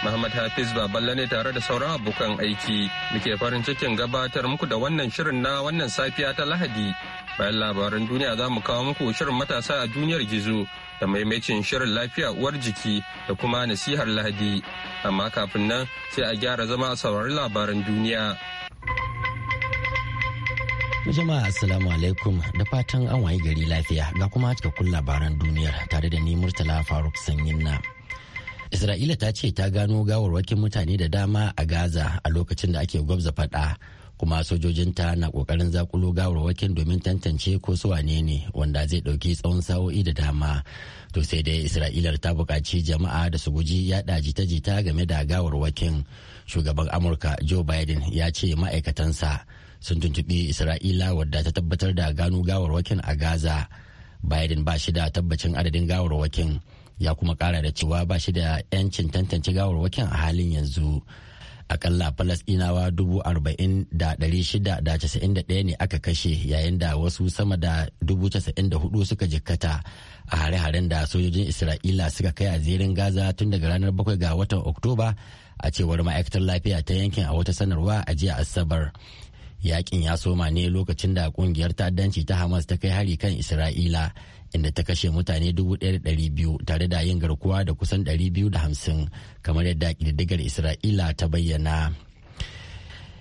Muhammad Hafiz Baballe ne tare da sauran abokan aiki muke farin cikin gabatar muku da wannan shirin na wannan safiya ta Lahadi. Bayan labaran duniya za mu kawo muku shirin matasa a duniyar gizo da maimacin shirin lafiya uwar jiki da kuma nasihar Lahadi. Amma kafin nan sai a gyara zama a saurari labaran duniya. Jama'a Assalamu alaikum da fatan an wayi gari lafiya ga kuma cikakkun labaran duniyar tare da ni Murtala Faruk Sanyin na. isra'ila ta ce ta gano gawarwakin mutane da dama a gaza a lokacin da ake gwabza fada kuma sojojinta na kokarin zakulo gawarwakin domin tantance ko su wane ne wanda zai dauki tsawon sa'o'i da dama to sai dai isra'ilar ta buƙaci jama'a da su guji yaɗa jita-jita game da gawar gawarwakin shugaban amurka joe biden ya ce ma'aikatansa sun tuntuɓi isra'ila wadda ta tabbatar da gano gawarwakin a gaza biden ba shi da tabbacin adadin gawarwakin ya kuma kara da cewa ba shi da 'yancin tantance gawarwakin a halin yanzu akalla falasdinawa 40,691 ne aka kashe yayin da wasu sama da 94,000 suka jikkata a hare-haren da sojojin isra'ila suka kai a zirin gaza tun daga ranar 7 ga watan oktoba a cewar ma'aikatar lafiya ta yankin a wata sanarwa a jiya asabar. yakin ya soma ne lokacin da kungiyar ta'addanci ta hamas ta kai hari kan isra'ila inda ta kashe mutane 1,200 tare da yin garkuwa da kusan 250 kamar yadda kididdigar isra'ila ta bayyana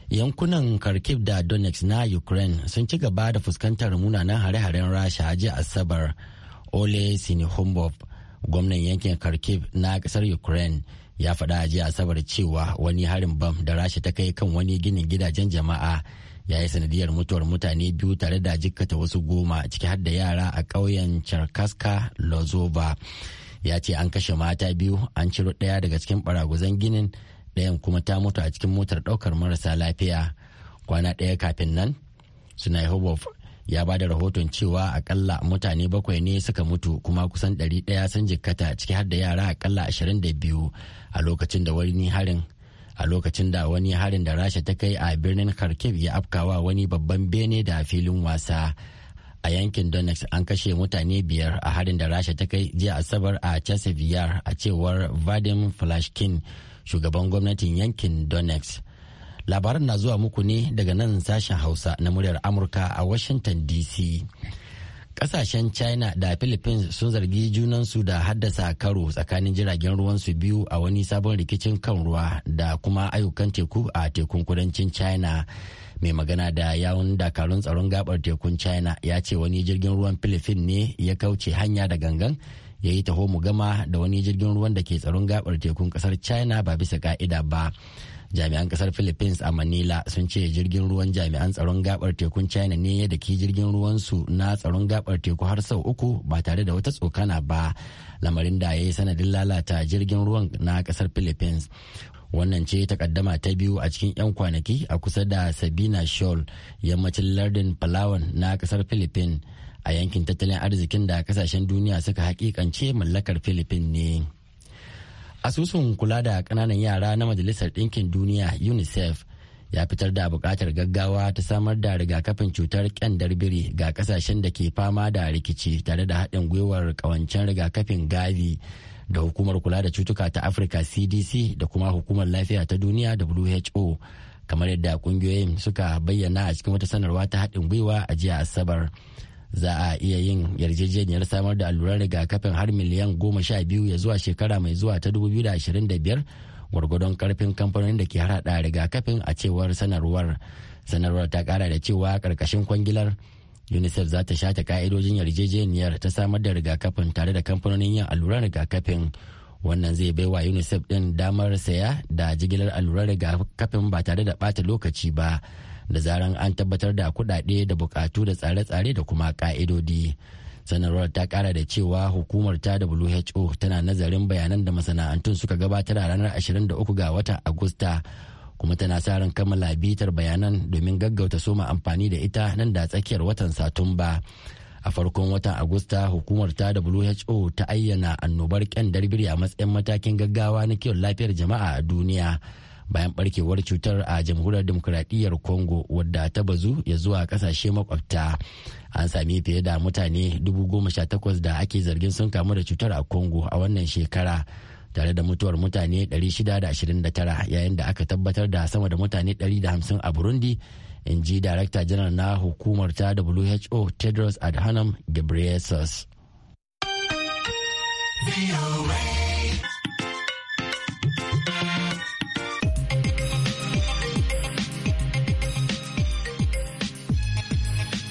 yankunan kharkiv da donetsk na ukraine sun ci gaba da fuskantar munanan hare-haren rasha jiya asabar ole sinihombov gwamnan yankin kharkiv na kasar ukraine ya faɗa a jiya asabar cewa wani harin bam da rasha ta kai kan wani ginin gidajen jama'a ya yi sanadiyar mutuwar mutane biyu tare da jikkata wasu goma ciki har da yara a ƙauyen charkaska lozova ya ce an kashe mata biyu an ciro ɗaya daga cikin baraguzan ginin ɗayan kuma ta mutu a cikin motar ɗaukar marasa lafiya kwana ɗaya kafin nan suna hobof ya ba da rahoton cewa akalla mutane bakwai ne suka mutu kuma kusan ɗari ɗaya sun jikkata ciki har da yara akalla ashirin da biyu a lokacin da wani harin a lokacin da wani harin da rasha ta kai a birnin kharkiv ya afkawa wani babban bene da filin wasa a yankin donetsk an kashe mutane biyar a harin da rasha ta kai jiya asabar a cheseviyar a cewar vadim flashkin shugaban gwamnatin yankin donex labaran na zuwa muku ne daga nan sashen hausa na muryar amurka a washington dc Kasashen China da Philippines sun zargi junansu da haddasa karo tsakanin jiragen ruwansu biyu a wani sabon rikicin kan ruwa da kuma ayyukan teku a tekun kudancin China. Mai magana da yawun dakarun tsaron gabar tekun China ya ce wani jirgin ruwan Philippines ne ya kauce hanya da gangan ya yi taho mu gama da wani jirgin ruwan da ke tsaron gabar tekun kasar China ba bisa ka'ida ba. jami'an kasar philippines a manila sun ce jirgin ruwan jami'an tsaron gabar tekun china ne da ke jirgin ruwansu na tsaron gabar teku har sau uku ba tare da wata tsokana ba lamarin da ya yi sanadin lalata jirgin ruwan na kasar philippines wannan ce takaddama ta biyu a cikin 'yan kwanaki a kusa da sabina shoal yammacin lardin palawan na kasar philippines a yankin tattalin arzikin da kasashen duniya suka hakikance mallakar philippines ne. asusun kula da ƙananan yara na majalisar ɗinkin duniya unicef ya fitar da buƙatar gaggawa ta samar da rigakafin cutar kyandar biri ga ƙasashen da ke fama da rikici tare da haɗin gwiwar ƙawancen rigakafin gavi da hukumar kula da cutuka ta afirka cdc da kuma hukumar lafiya ta duniya who kamar yadda ƙungiyoyin suka bayyana a cikin wata sanarwa ta haɗin gwiwa a jiya asabar. za a iya yin yarjejeniyar samar da alluran rigakafin har miliyan goma sha biyu ya zuwa shekara mai zuwa ta dubu biyu da da ashirin biyar gwargwadon karfin kamfanonin da ke harhaɗa rigakafin a cewar sanarwar sanarwar ta kara da cewa karkashin kwangilar unicef za ta shata ka'idojin yarjejeniyar ta samar da rigakafin tare da kamfanonin yin alluran rigakafin wannan zai bai wa unicef din damar saya da jigilar alluran rigakafin ba tare da bata lokaci ba da zaran an tabbatar da kuɗaɗe da bukatu da tsare-tsare da kuma ƙa'idodi. sanarwar ta kara da cewa hukumar ta who tana nazarin bayanan da masana'antun suka gabatar a ranar 23 ga watan agusta kuma tana sa ran kammala bitar bayanan domin gaggauta soma amfani da ita nan da tsakiyar watan satumba a farkon watan agusta hukumar ta who ta ayyana annobar kyan biri a matsayin matakin gaggawa na kiwon lafiyar jama'a a duniya bayan barkewar cutar a jamhuriyar demokuraɗiyyar congo wadda ta bazu ya zuwa ƙasashe makwabta an sami fiye da mutane dubu goma da ake zargin sun kamu da cutar a congo a wannan shekara tare da mutuwar mutane 629 yayin da aka tabbatar da sama da mutane 150 a burundi in ji darakta janar na hukumar ta who tedros adhanom ghebreyesus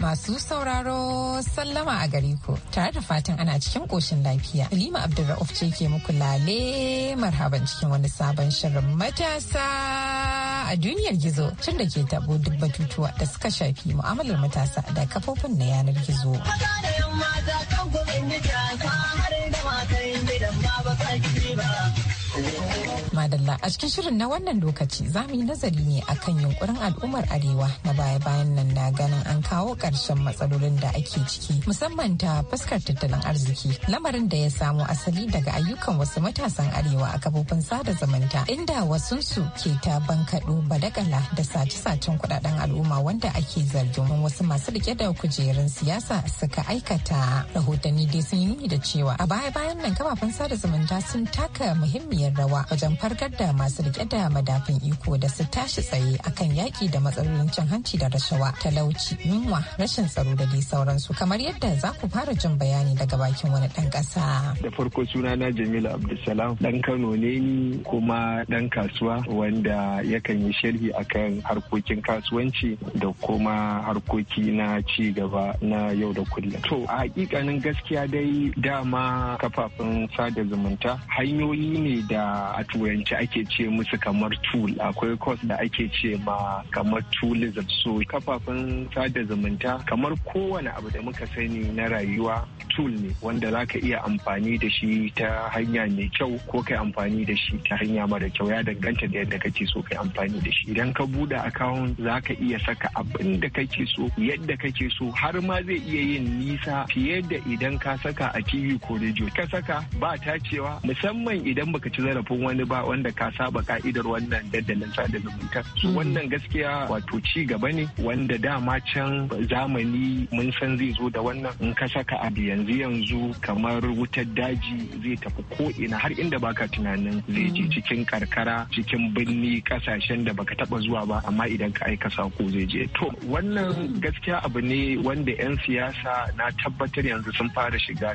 Masu sauraro sallama a gare ku tare da fatan ana cikin koshin lafiya. Halima Abdulra'uf ce ke muku lale marhaban cikin wani sabon shirin matasa a duniyar gizo tun da ke tabo duk batutuwa da suka shafi mu'amalar matasa da kafofin na yanar gizo. Allah a cikin shirin na wannan lokaci za mu yi nazari ne a kan yunkurin al'ummar arewa na baya-bayan nan na ganin an kawo ƙarshen matsalolin da ake ciki musamman ta fuskar tattalin arziki lamarin da ya samo asali daga ayyukan wasu matasan arewa a kafofin sada zumunta inda wasunsu ke ta bankaɗo badakala da sace-sacen kuɗaɗen al'umma wanda ake zargin wasu masu rike da kujerun siyasa suka aikata rahotanni dai sun yi nuni da cewa a baya-bayan nan kafafen sada zumunta sun taka muhimmiyar rawa wajen farkar da masu rike da madafin iko da su tashi tsaye akan yaki da matsalolin cin hanci da rashawa talauci yunwa rashin tsaro da dai sauransu kamar yadda za ku fara jin bayani daga bakin wani dan kasa da farko suna na jamilu abdulsalam dan kano ne ni kuma dan kasuwa wanda yakan yi sharhi akan harkokin kasuwanci da kuma harkoki na ci gaba na yau da kullum to a hakikanin gaskiya dai dama kafafen sada zumunta hanyoyi ne da a turanci ake ce musu kamar tool akwai course da ake ce ma kamar tourism so kafafen sada zumunta kamar kowane abu da muka sani na rayuwa tool ne wanda za ka iya amfani da shi ta hanya mai kyau ko kai amfani da shi ta hanya mara kyau ya danganta da yadda kake so kai amfani da shi idan ka buɗe account za ka iya saka abin da kake so yadda kake so har ma zai iya yin nisa fiye da idan ka saka a TV ko radio ka saka ba cewa musamman idan baka ci zarafin wani ba wanda ka saba ka'idar wannan dandalin sada zumunta su mm. wannan gaskiya wato ci gaba ne wanda dama can zamani mun san zai zo da wannan in ka saka abu yanzu yanzu yanzu kamar wutar daji zai tafi ko ina har inda baka tunanin zai je cikin karkara cikin birni kasashen da baka taba zuwa ba amma idan ka aika sako zai je to wannan gaskiya abu ne wanda 'yan siyasa na tabbatar yanzu sun fara shiga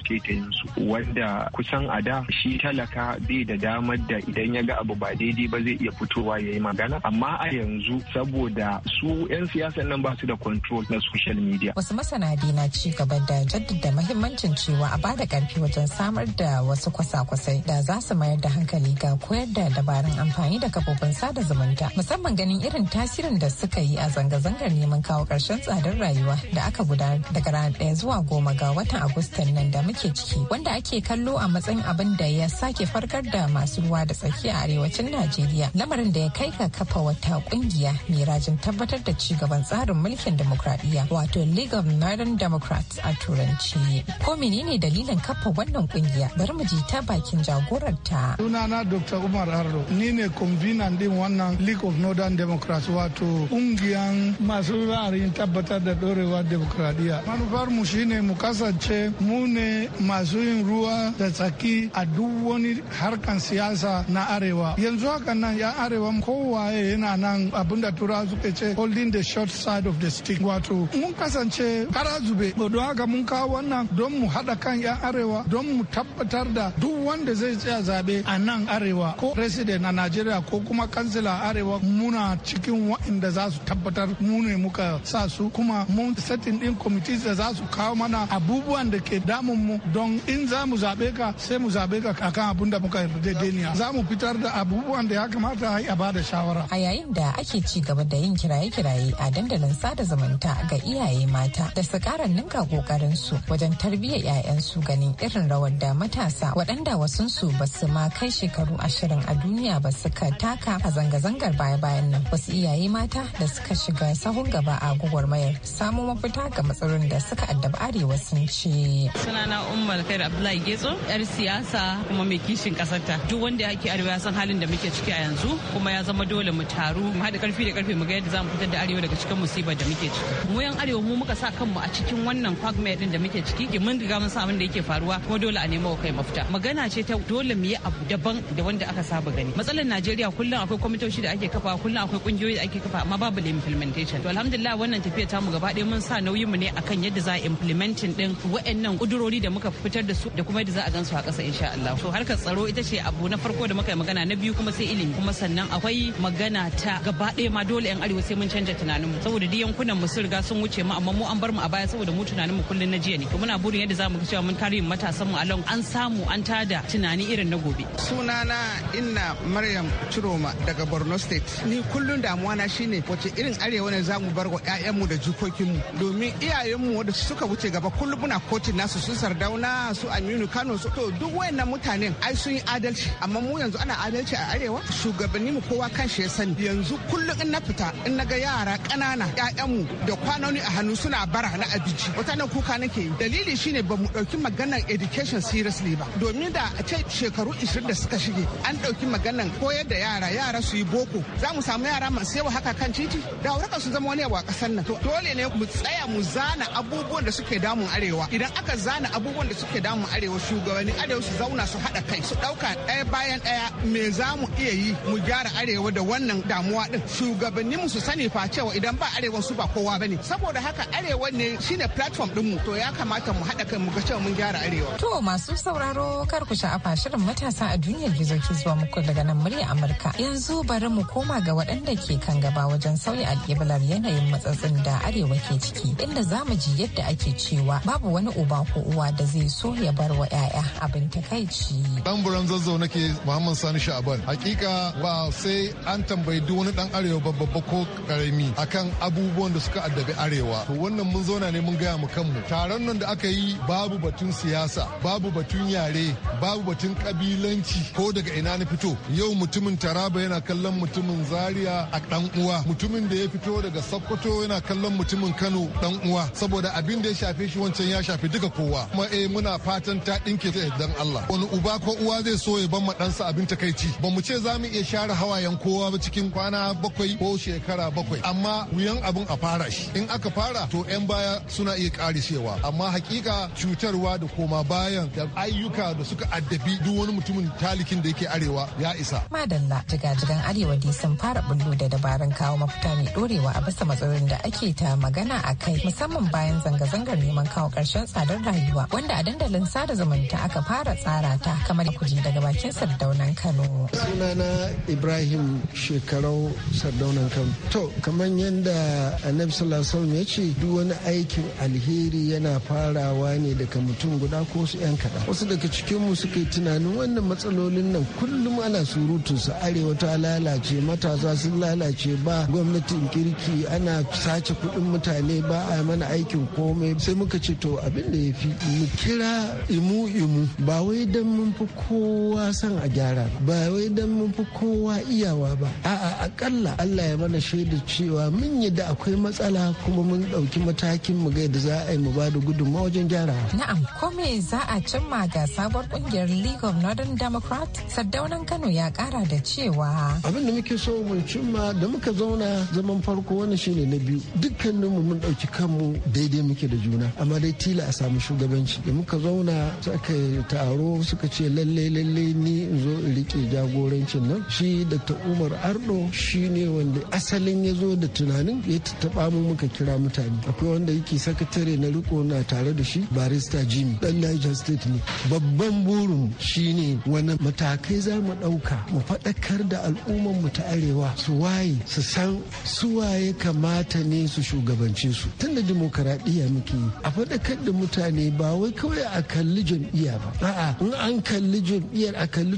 su wanda kusan a da shi talaka bai da damar da idan ya ga abu ba daidai ba zai iya fitowa ya yi magana amma a yanzu saboda su 'yan siyasa nan ba su da control na social media wasu masana na ci gaba da jaddada mahimmanci gwamnatin cewa a bada karfi wajen samar da wasu kwasa-kwasai da za su mayar da hankali ga koyar da dabarun amfani da kafofin sada zumunta musamman ganin irin tasirin da suka yi a zanga-zangar neman kawo karshen tsadar rayuwa da aka gudanar daga ranar ɗaya zuwa goma ga watan agustan nan da muke ciki wanda ake kallo a matsayin abin da ya sake farkar da masu ruwa da tsaki a arewacin najeriya lamarin da ya kai ga kafa wata kungiya mai rajin tabbatar da ci gaban tsarin mulkin demokradiyya wato league of northern democrats a turanci ko menene dalilin kafa wannan kungiya bari mu ji ta bakin jagorarta sunana dr umar ardo ni ne convener din wannan league of northern democrats wato kungiyan masu ra'ayin tabbatar da dorewa demokradiya. manufar mu shine mu kasance mu ne masu yin ruwa da tsaki a duk wani harkan siyasa na arewa yanzu haka nan ya arewa kowaye yana nan abinda tura suke ce holding the short side of the stick wato mun kasance kara zube don haka mun kawo wannan don don mu haɗa kan 'yan arewa don mu tabbatar da duk wanda zai tsaya zaɓe a nan arewa ko president a najeriya ko kuma kansila arewa muna cikin waɗanda za su tabbatar mu ne muka sa su kuma mun setting din committees da za su kawo mana abubuwan da ke damun mu don in za mu zaɓe ka sai mu zaɓe ka akan abun da muka yarda za mu fitar da abubuwan da ya kamata a yi a bada shawara a yayin da ake ci gaba da yin kiraye-kiraye a dandalin sada zumunta ga iyaye mata da su ƙara ninka kokarin su wajen tarbiyyar tarbiyyar su ganin irin rawar da matasa waɗanda wasunsu ba su ma kai shekaru ashirin a duniya ba suka taka a zanga-zangar baya-bayan nan wasu iyaye mata da suka shiga sahun gaba a mayar samo mafita ga matsalolin da suka addaba arewa sun ce. sunana umar kai da abdullahi getso yar siyasa kuma mai kishin kasarta duk wanda yake arewa san halin da muke ciki a yanzu kuma ya zama dole mu taru mu haɗa karfi da karfe mu ga yadda zamu fitar da arewa daga cikin musibar da muke ciki mu yan arewa mu muka sa kanmu a cikin wannan kwagmayar din da muke ciki mun riga mun san da yake faruwa kuma dole a nemo kai mafita magana ce ta dole mu yi abu daban da wanda aka saba gani matsalar Najeriya kullum akwai kwamitoci da ake kafa kullum akwai kungiyoyi da ake kafa amma babu implementation to alhamdulillah wannan tafiya ta mu gaba ɗaya mun sa nauyin mu ne akan yadda za a implementing din wa'annan kudurori da muka fitar da su da kuma yadda za a gan a ƙasa insha Allah to harkar tsaro ita ce abu na farko da muka yi magana na biyu kuma sai ilimi kuma sannan akwai magana ta gaba ɗaya ma dole yan arewa sai mun canja tunanin mu saboda duk yankunan mu sun riga sun wuce mu amma mu an bar mu a baya saboda mu tunanin mu kullun na jiya ne to muna burin yadda za mu ga cewa mun mu matasan mu alon an samu an tada tunani irin na gobe. Sunana inna Maryam Chiroma daga Borno State. Ni kullum damuwa na shine wace irin arewa ne za mu bar wa mu da mu domin iyayenmu wanda suka wuce gaba kullum muna kotun nasu su Sardauna su Aminu Kano su to duk wayannan mutanen ai sun yi adalci amma mu yanzu ana adalci a arewa shugabanni mu kowa kan shi ya sani yanzu kullum in na fita in na ga yara ƙanana mu da kwanoni a hannu suna bara na abinci wata nan kuka nake dalili shi shine ba mu ɗauki maganar education seriously ba domin da a ce shekaru 20 da suka shige an ɗauki maganar koyar da yara yara su yi boko za mu samu yara masu yawa haka kan titi da warkar su zama wani abu a ƙasar nan dole ne mu tsaya mu zana abubuwan da suke damun arewa idan aka zana abubuwan da suke damun arewa shugabanni arewa su zauna su haɗa kai su ɗauka ɗaya bayan ɗaya me za mu iya yi mu gyara arewa da wannan damuwa ɗin shugabanni mu su sani fa cewa idan ba arewa su ba kowa ne saboda haka arewa ne shine platform ɗinmu to ya kamata mu haɗa haɗa muka cewa mun gyara arewa. To masu sauraro kar ku sha'afa shirin matasa a duniyar gizo ki zuwa muku daga nan murya Amurka. Yanzu bari mu koma ga waɗanda ke kan gaba wajen sauya alƙiblar yanayin matsatsin da arewa ke ciki inda za mu ji yadda ake cewa babu wani uba ko uwa da zai so ya bar wa 'ya'ya abin takaici. dan buran zazzau nake Muhammad Sani Sha'ban. Hakika ba sai an tambayi duk wani dan arewa babba ko karami akan abubuwan da suka addabi arewa. To wannan mun zauna ne mun gaya mu kanmu. Taron nan da aka yi babu batun siyasa, babu batun yare, babu batun kabilanci ko daga ina na fito. Yau mutumin Taraba yana kallon mutumin Zaria a dan uwa, mutumin da ya fito daga Sokoto yana kallon mutumin Kano dan uwa saboda abin da ya shafe shi wancan ya shafe duka kowa. Kuma eh muna fatan ta dinke ta dan Allah. Wani uba ko uwa zai so ya ban ma abin takaici ba mu ce za mu iya share hawayen kowa ba cikin kwana bakwai ko shekara bakwai amma wuyan abin a fara shi in aka fara to 'yan baya suna iya karishewa amma hakika cutarwa da koma bayan da ayyuka da suka addabi duk wani mutumin talikin da yake arewa ya isa madalla jigan arewa dai sun fara bullo da dabarun kawo mafuta mai dorewa a bisa matsalolin da ake ta magana a kai musamman bayan zanga-zangar neman kawo karshen tsadar rayuwa wanda a dandalin sada zumunta aka fara tsara ta kamar Muhammad daga bakin Sardaunan Kano. Sunana Ibrahim Shekarau Sardaunan Kano. To, kamar yadda Annabi sallallahu ya ce duk wani aikin alheri yana farawa ne daga mutum guda ko su yan kaɗan. Wasu daga cikin mu suka yi tunanin wannan matsalolin nan kullum ana surutu su arewa ta lalace matasa sun lalace ba gwamnatin kirki ana sace kuɗin mutane ba a mana aikin komai sai muka ce to abin da ya fi mu kira imu imu ba wai don mun fi kowa san a gyara ba wai dan mun fi kowa iyawa ba a'a akalla Allah ya mana shaida cewa mun yadda akwai matsala kuma mun ɗauki matakin mu ga yadda za a yi mu ba da gudunmawa wajen gyara na'am ko me za a cimma ga sabuwar kungiyar League of Northern Democrat sardaunan Kano ya kara da cewa abin da muke so mu cimma da muka zauna zaman farko wani shine na biyu dukkanin mu mun ɗauki kanmu daidai muke da juna amma dai tila a samu shugabanci da muka zauna suka taro suka ce lalle lalle ni in zo in rike jagorancin nan shi dr umar ardo shi ne wanda asalin ya zo da tunanin ya tattaba mu muka kira mutane akwai wanda yake sakatare na riko na tare da shi barista jimmy dan niger state ne babban burin shi ne wani matakai za mu ɗauka mu faɗakar da al'ummar mu ta arewa su waye su san su waye kamata ne su shugabance su tunda dimokuraɗiyya muke a faɗakar da mutane ba wai kawai a kalli jam'iyya ba a'a in an kalli religion iyar a kalli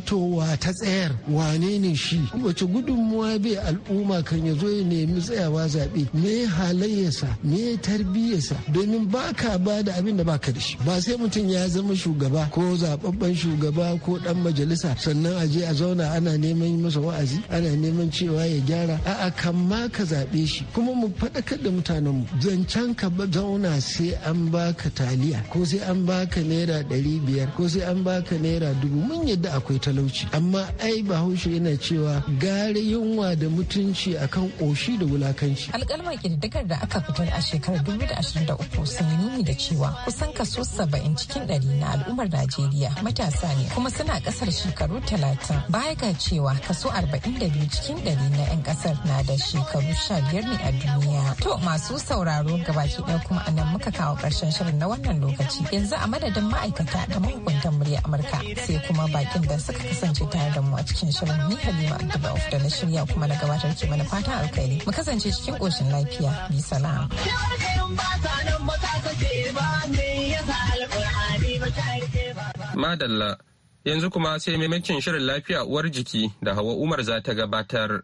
ta tsayar wane ne shi wace gudunmuwa bai al'umma kan ya zo ya nemi tsayawa zaɓe me halayyarsa me tarbiyyarsa domin ba ka ba da abin da ba ka da shi ba sai mutum ya zama shugaba ko zababben shugaba ko dan majalisa sannan a je a zauna ana neman masa wa'azi ana neman cewa ya gyara a'a kan ma ka zaɓe shi kuma mu faɗakar da mutanenmu zancen ka zauna sai an baka taliya ko sai an baka naira ɗari biyar ko sai an baka naira dubu mun yadda akwai talauci amma ai bahaushe yana cewa gare yunwa da mutunci akan koshi da wulakanci alƙalmar ƙididdigar da aka fitar a shekarar 2023 sun yi nuni da cewa kusan kaso saba'in cikin 100 na al'ummar najeriya matasa ne kuma suna ƙasar shekaru 30 baya ga cewa kaso 42 cikin 100 na 'yan ƙasar na da shekaru sha biyar ne a duniya to masu sauraro gabaki ɗaya kuma anan muka kawo ƙarshen shirin na wannan lokaci yanzu a madadin ma'aikata da mahukuntan murya amurka sai kuma bakin da suka kasance tare da mu a cikin shirin ni Halima of da na shirya kuma na gabatar ke mana fatan alkhairi. Mu kasance cikin koshin lafiya. Bi salam. Madalla yanzu kuma sai maimakin shirin lafiya uwar jiki da Hawa Umar za ta gabatar.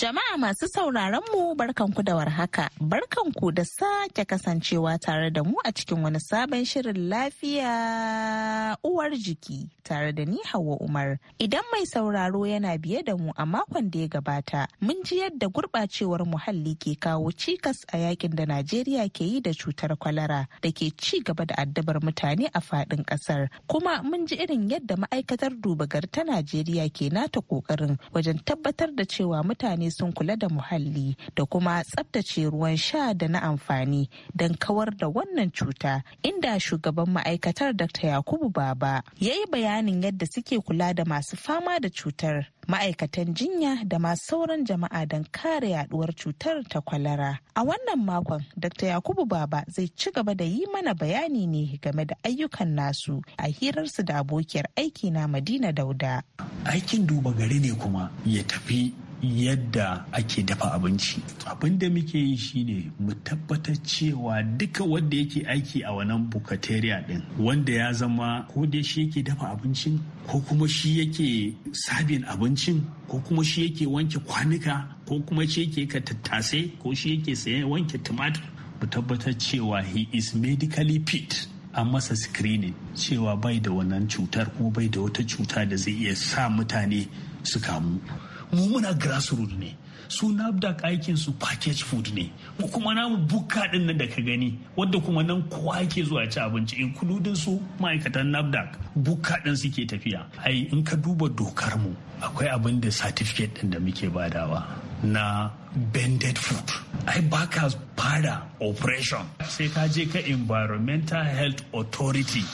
Jama'a masu sauraron mu barkanku da warhaka. Barkanku da sake kasancewa tare da mu a cikin wani sabon shirin lafiya uwar jiki tare da ni Hauwa Umar. Idan mai sauraro yana biye da mu a makon da ya gabata, mun ji yadda gurbacewar muhalli ke kawo cikas a yakin da Najeriya ke yi da cutar kwalara da ke ci gaba da addabar mutane a faɗin ƙasar. Kuma mun ji irin yadda ma'aikatar duba ta Najeriya ke nata ƙoƙarin wajen tabbatar da cewa mutane sun kula kula da muhalli da kuma tsabtace ruwan sha da na amfani don kawar da wannan cuta inda shugaban ma'aikatar Dr. Yakubu Baba ya yi bayanin yadda suke kula da masu fama da cutar. ma'aikatan jinya da ma sauran jama'a don kare yaduwar cutar ta kwalara. A wannan makon, Dr. Yakubu Baba zai ci gaba da yi mana bayani ne game da ayyukan nasu a hirarsu da abokiyar aiki na Madina Dauda. Aikin duba gari ne kuma ya tafi yadda ake dafa abinci Abinda muke yi shine mu tabbatar cewa duka wanda yake aiki a wannan bukateriya din wanda ya zama ko dai shi yake dafa abincin ko kuma shi yake sabin abincin ko kuma shi yake wanke kwanuka ko kuma shi yake ka tattase ko shi yake sayan wanke tumatir mu tabbatar cewa he is medically fit an masa screening cewa bai da wannan cutar kuma bai da wata cuta da zai iya sa mutane su kamu mu muna grassroot ne su nafdak aikin su package food ne mu kuma namu bukka din nan da ka gani wadda kuma nan kowa ke zuwa ci abinci including su ma'aikatan nafdak bukka din suke tafiya ai in ka duba dokar mu akwai abin da certificate din da muke badawa na bended food ai baka fara operation sai ka je ka environmental health authority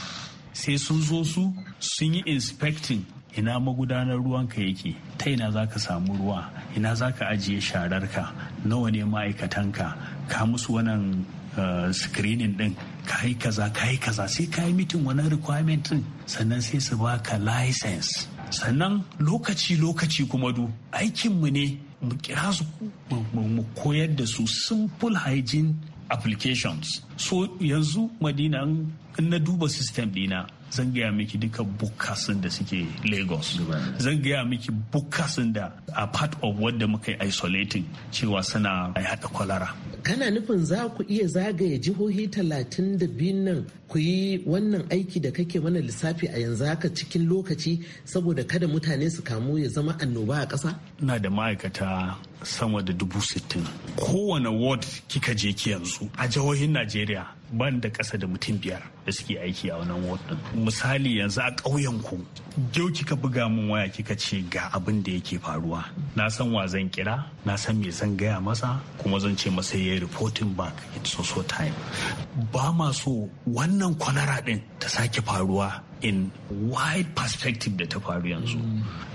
sai sun zo su sun yi inspecting ina magudanar ruwanka yake ta ina za ka samu ruwa ina za ka ajiye shararka nawa ne ma'aikatanka ka musu wannan eh, screening din ka yi kaza ka yi kaza sai ka yi mitin wani requirement din sannan sai su ba ka license sannan lokaci-lokaci kuma du aikinmu ne mu kira su mu koyar da su simple hygiene applications so yanzu madina in na duba system dina zan gaya miki duka bukasin da suke lagos zan gaya miki bukasin da a part of wadda muka yi isolating cewa suna haɗa kwalara kana nufin za ku iya zagaye jihohi talatin da biyun nan ku yi wannan aiki da kake mana lissafi a yanzu haka cikin lokaci saboda kada mutane su kamu ya zama annoba a ƙasa ina da ma'aikata sama da dubu sittin kowane ward kika je ki yanzu a jihohin najeriya ban da ƙasa da mutum biyar da suke aiki a wannan ward din misali yanzu a ƙauyen ku yau kika buga min waya kika ce ga abin da yake faruwa na san wa zan kira na san me zan gaya masa kuma zan ce masa yayi reporting back it's so so time ba ma so wannan kwanara din ta sake faruwa in wide perspective da ta faru yanzu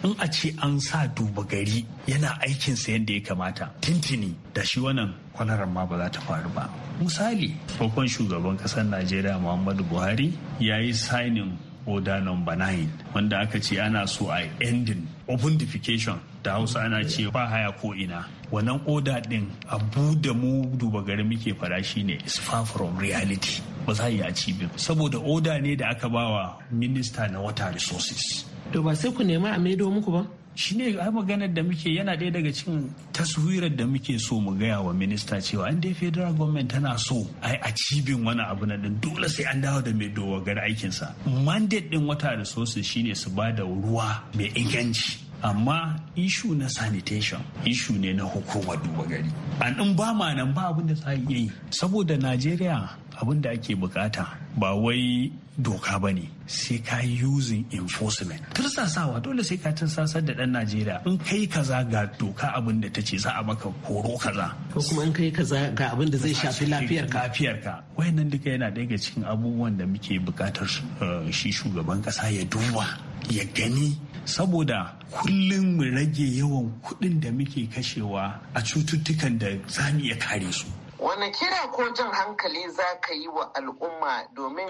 in a ce an sa duba gari yana aikinsa yadda ya kamata tintini da shi wannan kwanarar ma ba za ta faru ba misali farkon shugaban kasar najeriya muhammadu buhari ya yi signing order number 9 wanda aka ce ana so a ending open defecation da hausa ana ce ba haya ko ina wannan oda din abu da mu duba gari muke fara shine is far from reality ba za a yi a cibe saboda oda ne da aka bawa minista na wata resources to ba sai ku nema a maido muku ba shi ne a maganar da muke yana ɗaya daga cikin taswirar da muke so mu gaya wa minista cewa an dai federal government tana so a acibin wani abu na ɗin dole sai an dawo da mai dowagar aikinsa mandate ɗin wata resources shine su ba da ruwa mai inganci amma ishu na sanitation ishu ne na hukumar duba gari an in ba ma nan ba abin da za a yi saboda najeriya abin ake bukata ba wai doka ba ne sai ka using enforcement tursasawa dole sai ka tursasar da ɗan najeriya in kai kaza ga doka abin da ta ce za a maka koro kaza ko kuma in kai kaza ga abin zai shafi lafiyar ka lafiyar ka wayannan duka yana daga cikin abubuwan da muke bukatar eh, shi shugaban kasa ya duba ya gani saboda kullum mu rage yawan kuɗin da muke kashewa a cututtukan da za mu iya kare su. Wani kira ko jan hankali za ka yi wa al'umma domin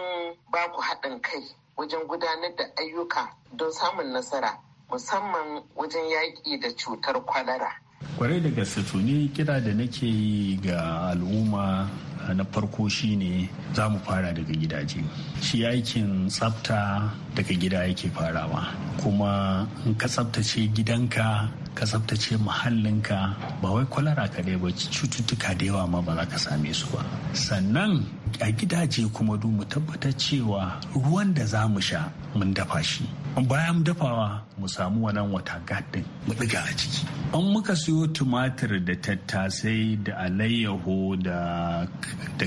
ba ku haɗin kai wajen gudanar da ayyuka don samun nasara musamman wajen yaƙi da cutar kwalara. kwarai da gaske to ni kira da nake yi ga al'umma na farko shine za mu fara daga gidaje shi aikin tsafta daga gida yake farawa kuma in ka tsaftace gidanka ka tsaftace muhallinka ba wai kwalara kadai ba cututtuka da yawa ma ba za ka same su ba sannan a gidaje kuma du mu tabbatar cewa ruwan da za mu sha mun dafa shi bayan dafawa mu samu wannan wata gadin mu ɗiga a ciki an muka siyo tumatir da tattasai da alayyaho da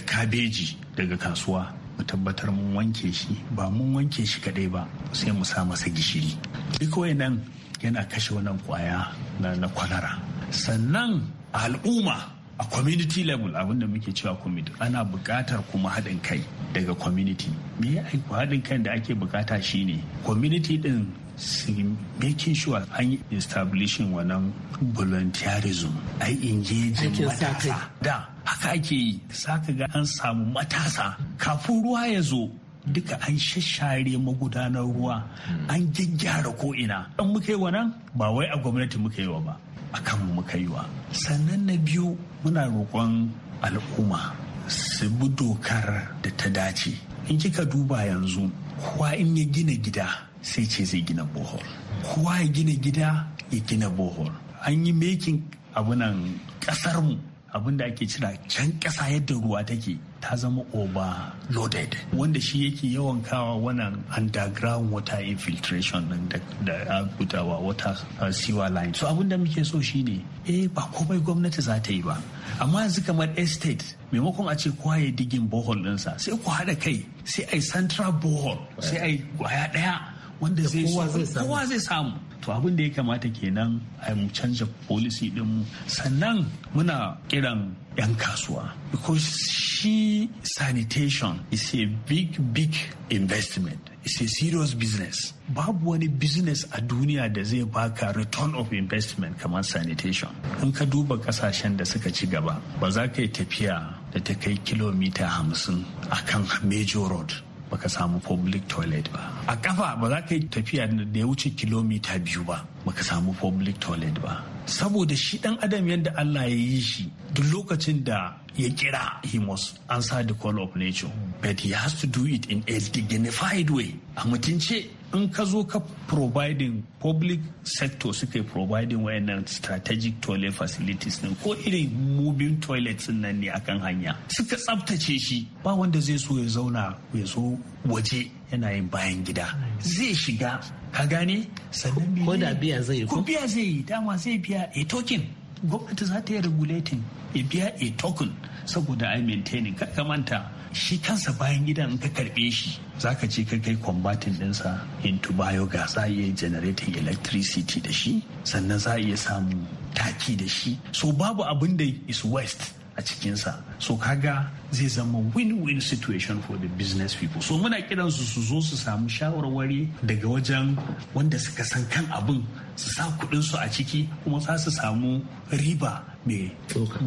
kabeji daga kasuwa mu tabbatar mun wanke shi ba mun wanke shi kadai ba sai mu sa masa gishiri duk nan yana kashe wannan kwaya na kwalara sannan al'umma a community level abin da muke cewa community ana buƙatar kuma haɗin kai daga community me ya aiko haɗin kai da ake buƙata shine community ɗin su making sure an yi establishing wannan volunteerism yi engaging matasa da haka ake yi saka ga an samu matasa kafin ruwa ya zo duka an shashare magudanar ruwa an gyaggyara ko'ina an muka yi wa nan ba wai a gwamnati muka yi wa ba a kanmu muka yi wa sannan na biyu muna roƙon al'umma su bi dokar da ta dace in kika duba yanzu kowa in ya gina gida sai ce zai gina bohol kowa ya gina gida ya gina bohol an yi mekin abunan ƙasarmu abin da ake cira can ƙasa yadda ruwa take ta zama Oba. loaded wanda shi yake yawan kawa wannan underground water infiltration din da abutawa water uh, sewer line so abin da muke so shine eh ba komai gwamnati za ta yi ba amma yanzu kamar estate maimakon a ce kowa ya digin bohol ɗinsa sai ku haɗa kai sai ai central bohol sai ai kwaya ɗaya wanda zai samu to abin da ya kamata kenan a mu canza policy mu, sannan muna kiran 'yan kasuwa because shi sanitation is a big big investment it's a serious business babu wani business a duniya da zai baka return of investment kamar sanitation in ka duba kasashen da suka ci gaba ba za ka yi tafiya da ta kai kilomita hamsin akan major road baka samu public toilet ba a kafa ba za ka yi tafiya da ya wuce kilomita biyu ba baka samu public toilet ba saboda shi dan adam yadda Allah ya yi shi duk lokacin da ya kira he must answer the call of nature but he has to do it in a dignified way a mutunce in ka zo ka providing public sector suka yi providing wayannan strategic toilet facilities ne. ko irin moving toilets nan ne akan hanya suka tsabtace shi ba wanda zai so ya zauna ya zo waje yana yin bayan gida zai shiga ka gane sannan ko da biya zai yi ko biya zai yi dama zai biya a token gwamnati za ta yi regulating ya biya a token saboda ai maintaining ka manta shi kansa bayan gidan in ka karbe shi Za ka ce ka kai kwambatin dinsa into biogas za a iya generating electricity da shi sannan za a iya samun taki da shi so babu abin da is west a cikinsa so kaga zai zama win-win situation for the business people so muna kiransu su zo su samu shawarwari daga wajen wanda suka san kan abin su sa su a ciki kuma za su samu riba mai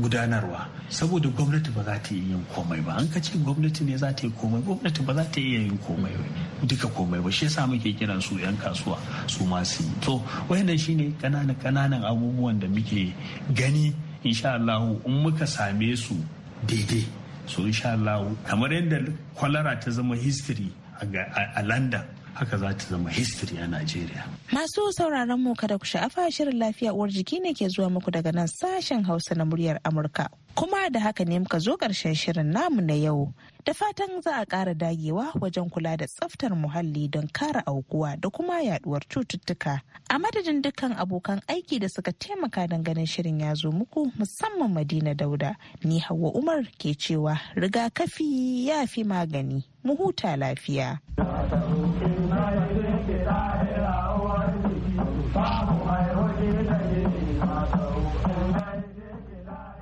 gudanarwa saboda gwamnati ba za ta iya yin komai ba an kace gwamnati ne za ta yi komai gwamnati ba za ta iya yin komai duka komai ba shi yasa muke kiran su yan kasuwa su masu yi to wayannan shine kananan kananan abubuwan da muke gani insha Allahu in muka same su daidai so insha kamar yadda kwalara ta zama history a London haka za ta zama history a Najeriya. Masu sauraron mu kada ku sha'afa shirin lafiya uwar jiki ne ke zuwa muku daga nan sashen Hausa na muryar Amurka. Kuma da haka ne muka zo ƙarshen shirin namu na yau. Da fatan za a ƙara dagewa wajen kula da tsaftar muhalli don kare aukuwa da kuma yaduwar cututtuka. A madadin dukkan abokan aiki da suka taimaka ganin shirin ya zo muku musamman Madina Dauda. Ni Hauwa Umar ke cewa rigakafi ya fi magani. Mu huta lafiya.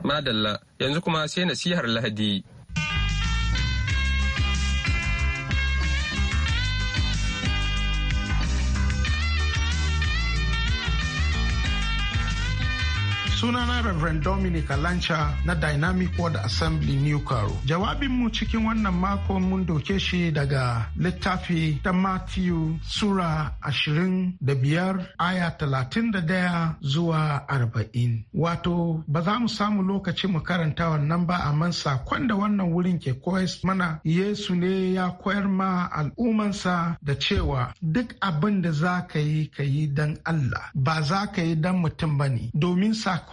Madalla yanzu kuma sai nasihar Lahadi. Sunana Reverend Dominic Alancha na Dynamic World Assembly New jawabin mu cikin wannan mako mun doke shi daga littafi ta Matthew Sura ashirin da biyar aya talatin da daya zuwa arba'in. Wato ba za mu samu lokaci mu karanta wannan ba amma sakon da wannan wurin ke koya mana Yesu ne ya koyar ma al'umansa da cewa duk abin da za ka yi ka yi don Allah ba za ka yi don mutum ba ne domin sakon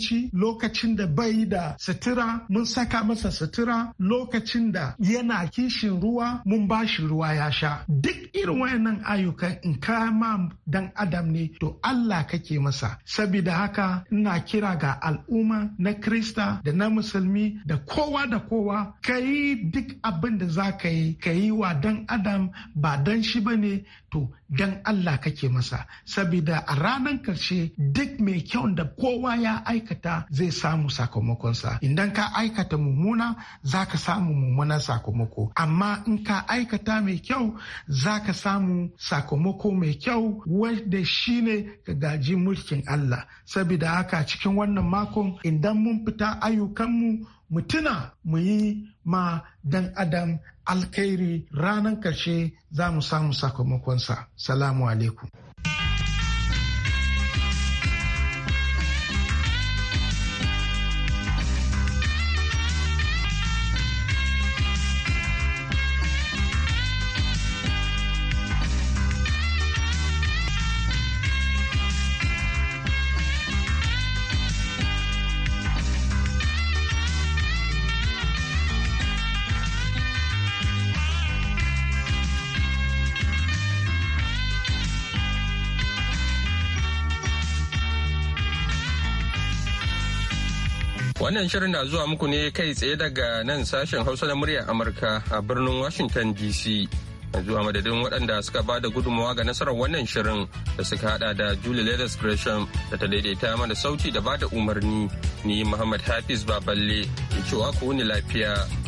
abinci lokacin da bai da sutura mun saka masa sutura lokacin da yana kishin ruwa mun ba shi ruwa ya sha duk irin wayannan ayyukan in kama dan adam ne to Allah kake masa saboda haka ina kira ga al'umma na krista da na musulmi da kowa da kowa ka yi duk abin da za ka yi ka yi wa dan adam ba dan shi ba ne to dan Allah kake masa saboda a ranar karshe duk mai kyau da kowa ya aikata zai samu sakamakonsa idan ka aikata mummuna za ka samu mummunan sakamako amma in ka aikata mai kyau za ka samu sakamako mai kyau wanda ne ka gaji mulkin Allah saboda haka cikin wannan makon idan mun fita ayyukanmu mu tuna mu yi ma dan adam alkhairi ranar ƙarshe za mu samu sakamakonsa. Salamu alaikum. Wannan shirin na zuwa muku ne kai tsaye daga nan sashen Hausa na muryar Amurka a birnin Washington DC. Yanzu zuwa madadin waɗanda suka ba da gudunmawa ga nasarar wannan shirin da suka haɗa da Julie Leathers Gresham da ta daidaita mana sauti da ba da umarni ni Muhammad Hafiz Baballe da cewa ku wuni lafiya.